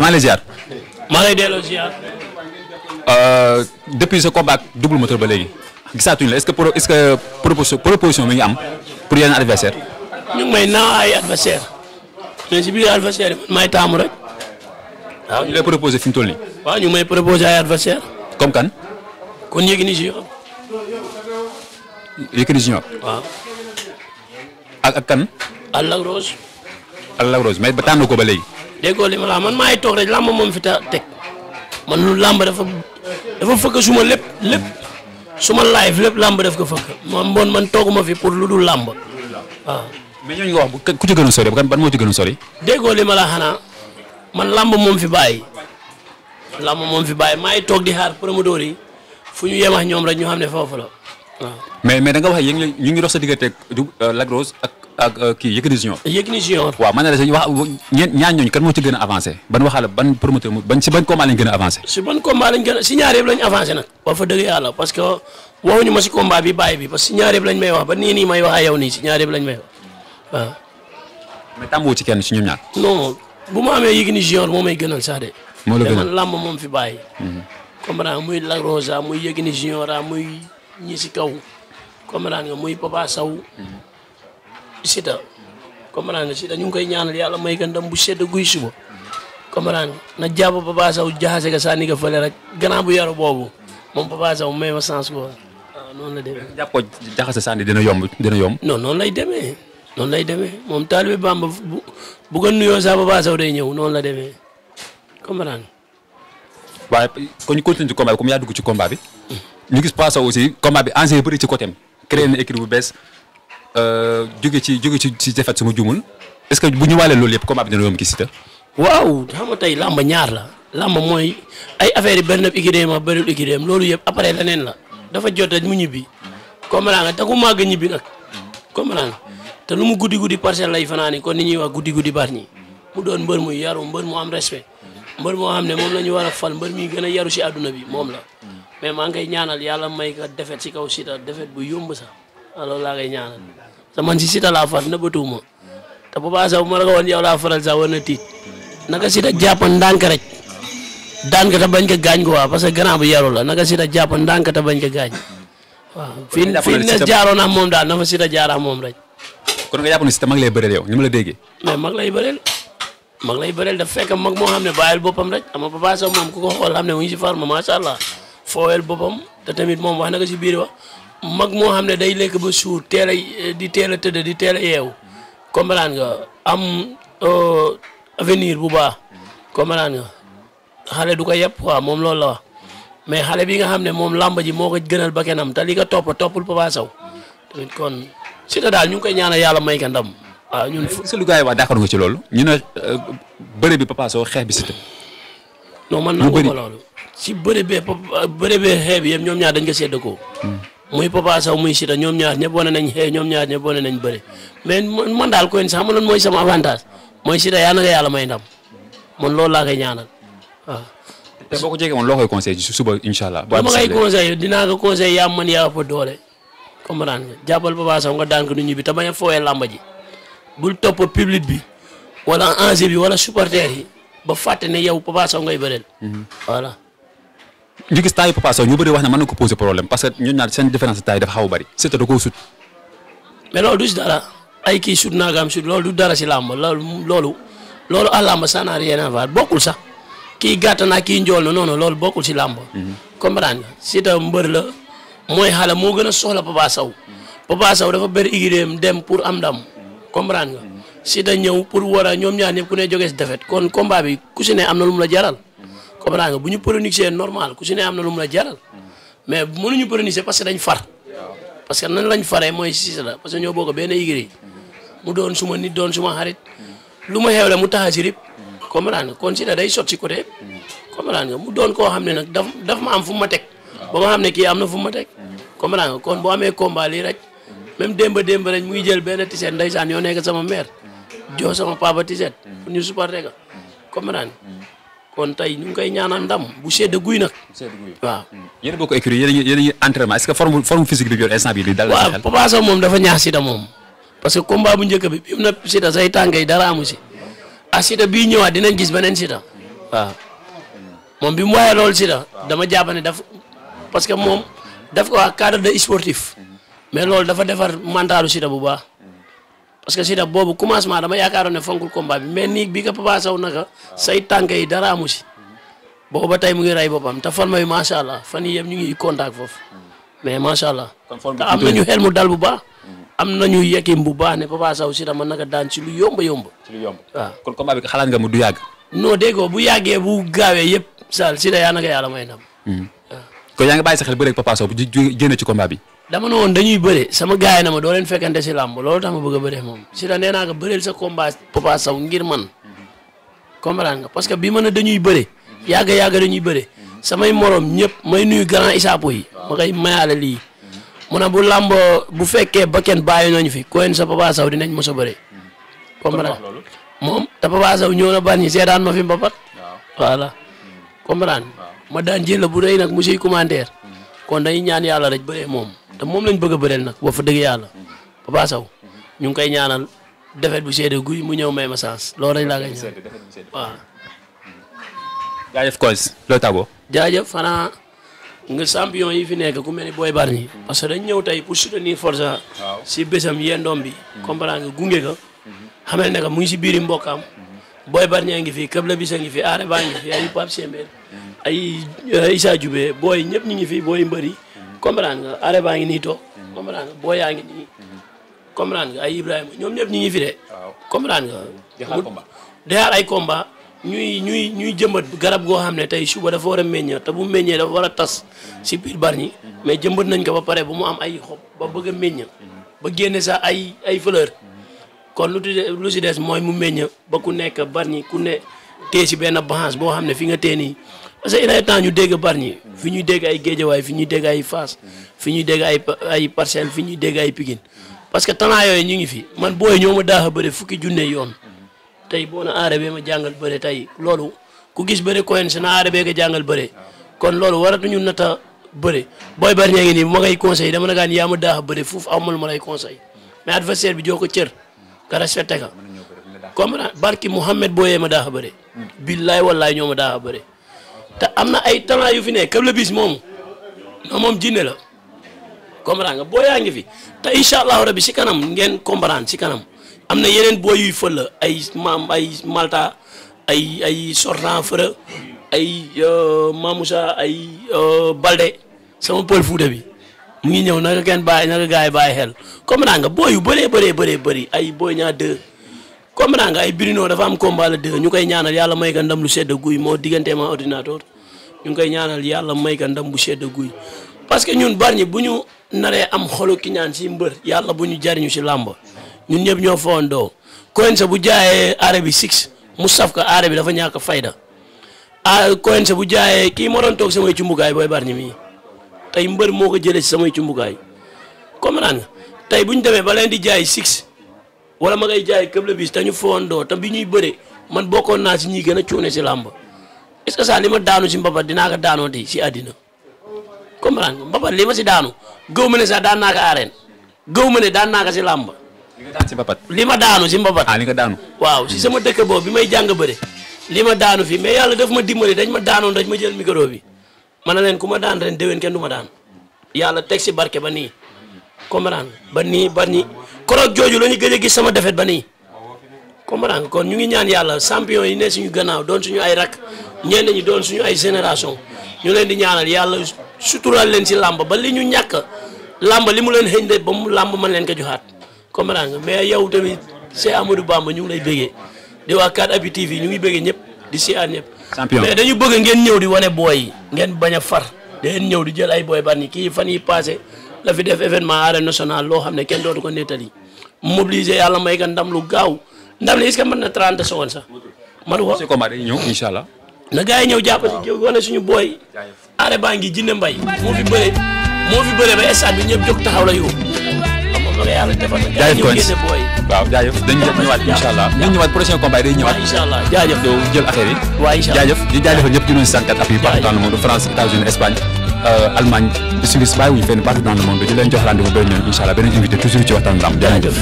Mass maa lay ziar. maa lay delloo ziar. Euh, depuis sa combat double moteur ba léegi gisaatuñu la est-ce que pro est-ce que proposition proposition bi nga am pour yeneen adversaire ñu ngi may naaw ay adversaire mais si biir adversaire yi taamu rek. waaw ah, ñu lay proposé fi mu toll nii. waaw ñu ngi may proposé ay adversaire comme kan. kon Yékini Junior. Yékini Junior. waaw. ak kan. Alla Rose. Alla Rose mais ba tànn ko ba léegi. déggoo li ma la man maay toog rek làmb moom fi ta teg man lu làmb dafa dafa fëkk suma lépp lépp suma live lépp làmb daf ko fëkk man bon man tooguma fi pour lu dul làmb waaw. mais ñooñu nga wax ku ci gën a sori ban moo ci gën a sori. déggoo li ma laa xanaa man làmb moom fi bàyyi làmb moom fi bàyyi maay toog di xaar promoteur yi fu ñu yemax ñoom rek ñu xam ne foofu la waaw. mais mais da nga wax yéen ñu ngi dox sa diggante ak Lac Rose ak. ak euh, kii Yékini Junior. Yékini Junior. waaw man la dañuy wax ñeent ñaar kan moo ci gën a avancé ban waxaala ban promoteur ban si ban combat lañ gën a avancé. si ban combat lañ gën a si nag. wax fa dëgg yàlla parce que waxuñu ma si combat bi bàyyi bi parce que si ñaar yëpp lañ may wax ba nii may wax ak yow nii si ñaar yëpp lañ may wax waaw. mais tàmboo ci kenn si ñoom ñaar. non bu ma amee Yékini Junior moo may gënal sax de. moo la gënal moom fi bàyyi. Mhm. comprendre muy Lac Siteu comprendre nga Siteu ñu ngi koy ñaanal yàlla may ko ndam bu sedd guy suba comprendre nga na jàpp Papa Sow jaxase ka sànni ka fële rek gannaaw bu yaru boobu moom Papa Sow may ma sens ko waaw noonu la demee. jàpp ko jaxase sànni yomb dina yomb. non noonu lay demee noonu lay demee moom taalibe Bamba bu bu ko nuyoo sax Papa Sow day ñëw noonu la demee comprendre waaye kon ñu continue ci combat bi yaa dugg ci combat bi. Hmm. ñu gis Papa Sow aussi combat bi enjeu ci côté am créé bu bees. Euh, jóge ci jóge ci ci defat suma jumul est-ce que bu ñu walee loolu yëpp combat bi dina yomb ki Siteu waaw xam nga tey làmba ñaar la làmba mooy ay affaire yi benn équipe ak benn équipe loolu yëpp après leneen la dafa jot rek mu ñibbi comprends nga te ku màgg ñibbi nag comprends nga te lu mu guddi guddi parcelle lay fanaani kon ni ñuy wax guddi guddi baat ñi mu doon mbër mu yaru mbër mu am respect mbër moo xam ne moom la ñu war a fal mbër mi gën a yaru si àdduna bi moom la mais maa ngay ñaanal yàlla may ko defet si kaw Siteu defet bu yomb sax waaw ah, loolu laa koy ñaanal te man si Siteu laa far nëbbatuwuma te Papa Sow bu ma la ko woon yow laa faral sax war na tiit naka Siteu jàpp ndànk rek daan ko te bañ ko gaañ ko waa parce que grand bu yaru la naka Siteu jàpp ndànk te bañ ko gaañ waaw fi fi ne jaaroon ak moom daal na fa Siteu jaar moom rek. kon nga jàpp ne Siteu mag lay bëreel yow ni la déggee. mais mag lay bëreel mag lay mag moo xam ne boppam rek ama Papa moom ku ko xool xam ne mu ngi si mag moo xam ne day lekk ba suur teel a di teel a tëdd di teel a yeewu comprendre nga am euh, avenir bu baax comprendre nga xale du ko yëpp quoi moom loolu la wax mais xale bi nga xam ne moom làmb ji moo ko gënal ba kenam te lii ko topp toppul Papa Sow kon si daal ñu ngi koy ñaanal yàlla may ko ndam. waaw ñun est-ce que lu gars yi wax nga ci loolu ñu ne euh, bëre bi Papa xeex bi Siteu. non man nangu ko loolu. si bëre bee xeex bi ñoom ñaar dañ ko séddoo ko. Hmm. muy Papa Sow muy Siteu ñoom ñaar ñëpp wane nañ xëy ñoom ñaar ñëpp wane nañ bëri mais man daal koy sax ma loolu mooy sama avantage mooy Siteu yaa na nga yàlla may ndam man loolu laa ñaanal waaw. te boo ko jege woon loo koy conseil ci suba incha allah. bu ma koy conseil dinaa ko conseil yaa man yaa fa doole comprendre nga jàppal Papa nga daan ko nit bi te bañ a fooyee làmba ji bul topp public bi wala enjeu bi wala supporter yi ba fàtte ne yow Papa ngay bëreel. Mhm. ñu gis taayu Papa Sow ñu bëri wax ne mën na ko poser problème parce que ñun ñaar seen différence taay dafa xaw a bëri Siteu sut. mais loolu du si dara ay kii sut naagaam sut loolu du dara si làmb loolu loolu loolu à làmb ça n'a rien à voir bokkul sax kii gàtt naa kii njool na noonu loolu bokkul si làmb. Mhm. comprendre nga Siteu mbër la mooy xale moo gën a soxla Papa Sow. Papa Sow dafa bëri igideem dem pour am ndam comprendre nga mhm. Siteu ñëw pour war a ñoom ñaar ñëpp ku ne jógee si defet kon combat bi ku si ne am na lu mu la jaral. comprendre nga bu ñu prononcé normal ku si ne am na lu mu la jaral mais mënuñu prononcé parce que dañ far parce que nan lañ faree mooy Cissé la parce que ñoo bokk benn igri mu doon suma ni doon suma xarit lu ma xewle mu taxa si rib comprendre nga kon si ne day sot si côté comprendre nga mu doon koo xam ne nag daf daf ma am fu ma teg ba nga xam ne am na fu ma teg comprendre nga kon boo amee combat lii rek même démba démba rek muy jël benn tiset ndeysaan yoo nekk sama mère joo sama papa tiset pour ñu supporter ko comprendre kon tey ñu ngi koy ñaanal ndam bu sedd guy nag. bu sedd guy waaw. Hmm. yéen a bokk écurie yéen yéen ñuy entraînement est que forme forme physique bi yor instant bi li dal la waaw Papa Sow moom dafa ñaax Siteu moom. parce que combat bu njëkk bi bi a ne si. ah bii ñëwaat dinañ gis beneen Siteu. waaw moom bi mu waayee loolu Siteu dama jàpp ne daf parce que moom daf ko waa cadre de sportif. Hmm. mais loolu dafa defar mentalu Siteu bu baax. parce que Siteu boobu commencement dama yaakaaroon ne fonkul combat bi mais nii bi nga Papa say tànk yi dara si boobu ba tey mu ngi rey boppam te forme bi macha allah fan yii yëpp ñu ngi contact foofu mais macha allah. te am nañu xel mu dal bu baax. Mm-hmm. am na nañu yekkim bu baax ne Papa Sow Siteu man naka daan ci lu yomb yomb. ci lu yomb waaw kon combat bi nga mu du yàgg. non déggoo bu yàggee bu gaawee yëpp Sall Siteu yaa naka yàlla may ndam. Mm-hmm. kon yaa ngi bàyyi sa xel bëre ak Papa Sow bu génne ci combat bi dama ne woon dañuy bëre sama gars yi na ma si làmb loolu tax ma bëgg a moom si la nee naa nga bëreel sa combat Papa ngir man comprendre parce que bi mën a dañuy bëre yàgga yàgga dañuy bëre samay morom ñëpp may nuyu grand isaapo yi ma lii mu ne bu làmb bu fekkee ba kenn bàyyi nañu fi koyen sa Papa dinañ mos a bëre comprendre moom te Papa Sow ñëw na ban ñi seedaan ma fi mbapat voilà comprendre ma daan jël la bu rëy nag si commandeur kon dañuy ñaan yàlla rek bëree moom te moom lañ bëgg a bëreel nag boo fa dëgg yàlla Papa Sow ñu ngi koy ñaanal defet bu seede guy mu ñëw may ma sens loolu rek laa koy ñaan waaw. jaajëf Koz loolu tàggoo. jaajëf xanaa nga champion yi fi nekk ku mel ni Boy Bargny parce que dañ ñëw tey pour soutenir Forza. si bésam yendoom bi. comprendre nga gunge ko. Mhm. xamal ne mu ngi si biir Boy Barñaa ngi fi Kabla ngi fi Aare baa ngi fi ay Pape Sembène ay euh, Issa Dioubé booy ñëpp ñu ngi fi booy mbëri comprendre nga Aare baa ngi nii toog comprendre nga booy yaa ngi nii comprendre nga ay Ibrahima ñoom ñëpp ñu ngi fi de comprendre nga ay combat ñuy ñuy ñuy jëmbat garab goo xam ne tey suba dafa war a meññee te bu meññee dafa war a tas si biir Bargny mais jëmbat nañ ko ba pare ba mu am ay xob ba bëgg a meññ ba génne sax ay ay fleur kon lu lu si des mooy mu meññ ba ku nekk Bargny ku ne tee si benn branche boo xam ne fi nga tee nii parce que il est temps ñu dégg Bargny fi ñuy dégg ay Géejawaay fi ñuy dégg ay Fass fi ñuy dégg ay ay Parcelles fi ñuy dégg ay Pikine parce que talent yooyu ñu ngi fi man booy ñoo ma daax a bëri fukki junne yoon tey boo na aare bee ma jàngal bëre tey loolu ku gis bëre Cohen si na aare bee nga jàngal bëre kon loolu waratuñu nata bëre booy Bargny ngi nii ma ngay conseil dama na gaan yaa ma daax a foofu amul ma lay conseil bi joo ko nga respecté ka comprendre barki Mouhamed Boye ma daa a bëre billaay wallaay ñoo ma daax a bëre te am na ay talent yu fi ne Kebla Bis moom moom jinne la comprendre nga boo yaa ngi fi te incha allahu rabi si kanam ngeen comprendre si kanam am na yeneen boo yuy fël la ay maam ay Malta ay ay sortan fëra ay euh, Mamoussa ay euh, Balde sama pël fuuta bi mu ngi ñëw naka kenn bàyyi naka gars yi bàyyi xel comprends nga booy yu bëree bëree bëree bëri ay booy ñaar deux comprends nga ay birinoo dafa am combat la deux ñu koy ñaanal yàlla may ka ndam lu sedd guy moo diggante ma ordinateur ñu ngi koy ñaanal yàlla may ka ndam bu sedd guy parce que ñun Bargny bu ñu naree am xolu ki ñaan si mbër yàlla bu ñu jariñu si làmb ñun ñëpp ñoo foondoo Coense bu jaayee arrêt bi six mu saf ko arrêt bi dafa ñàkk fayda ah Coense bu jaayee kii moo doon toog samay cumbukaay booy bar Bargny mii tey mbër moo ko jëlee si samay cumbukaay comprendre nga tey bu ñu demee ba leen di jaay six wala ma ngay jaay këble bis te ñu foondoo te bi ñuy bëre man bokkoon naa si ñi gën a cuune si làmb est-ce que ça li ma daanu si mbapat dinaa ko daanoo tey si àddina comprendre nga mbapat li ma si daanu gëw ma ne sax daan naa ko arène gëw ma ne daan naa ko si làmb li nga daan si mbapat li ma daanu si mbapat ah li nga daanu waaw si sama dëkk boobu bi may jàng bëre li ma daanu fii mais yàlla daf ma dimbali dañ ma daanoon dañ ma jël micro bi man ne leen ku ma daan ren déwén kenn du ma daan yàlla teg si barke ba nii comprendre ba nii ba nii koroog jooju la ñu gëj gis sama defeet ba nii comprendre kon ñu ngi ñaan yàlla champion yi ne suñu gannaaw doon suñu ay rak ñenn ñi doon suñu ay génération ñu leen di ñaanal yàlla suturaal leen si làmb ba li ñu ñàkk làmb li mu leen xëñ de ba mu làmb man leen ko joxaat comprendre mais mais yow tamit c'est Amadou Bamba ñu ngi lay bëggee di waa 4appuis TV ñu ngi bëggee ñëpp di si aan ñëpp champion mais dañu bëgg ngeen ñëw di wane booy yi ngeen bañ a far dangeen ñëw di jël ay booy bari kii fan yi passé la fi def événement arène nationale loo xam ne kenn dootu ko nettali mobiliser yàlla may ka ndam lu gaaw ndam li est-ce na 30 secondes sax. matu ko si combat dañuy ñëw incha allah. na gars yi ñëw jàpp si wane suñu booy. aare baa ngi jinne mbay moo fi bëree moo fi bëree ba stade bi ñëpp jóg taxaw la yoo nga yàlla defal na. jaajëf kon waaw jaajëf dañu ñëwaat incha allah dañu ñëwaat prochain combat day ñëwaat. incha allah jaajëf yow jël affaire yi. waaw incha allah si sànqat ak yi euh, partout dans le le monde di leen jox rendez-vous beneen yoon incha allah beneen invité toujours ci waxtaan lamb jaajëf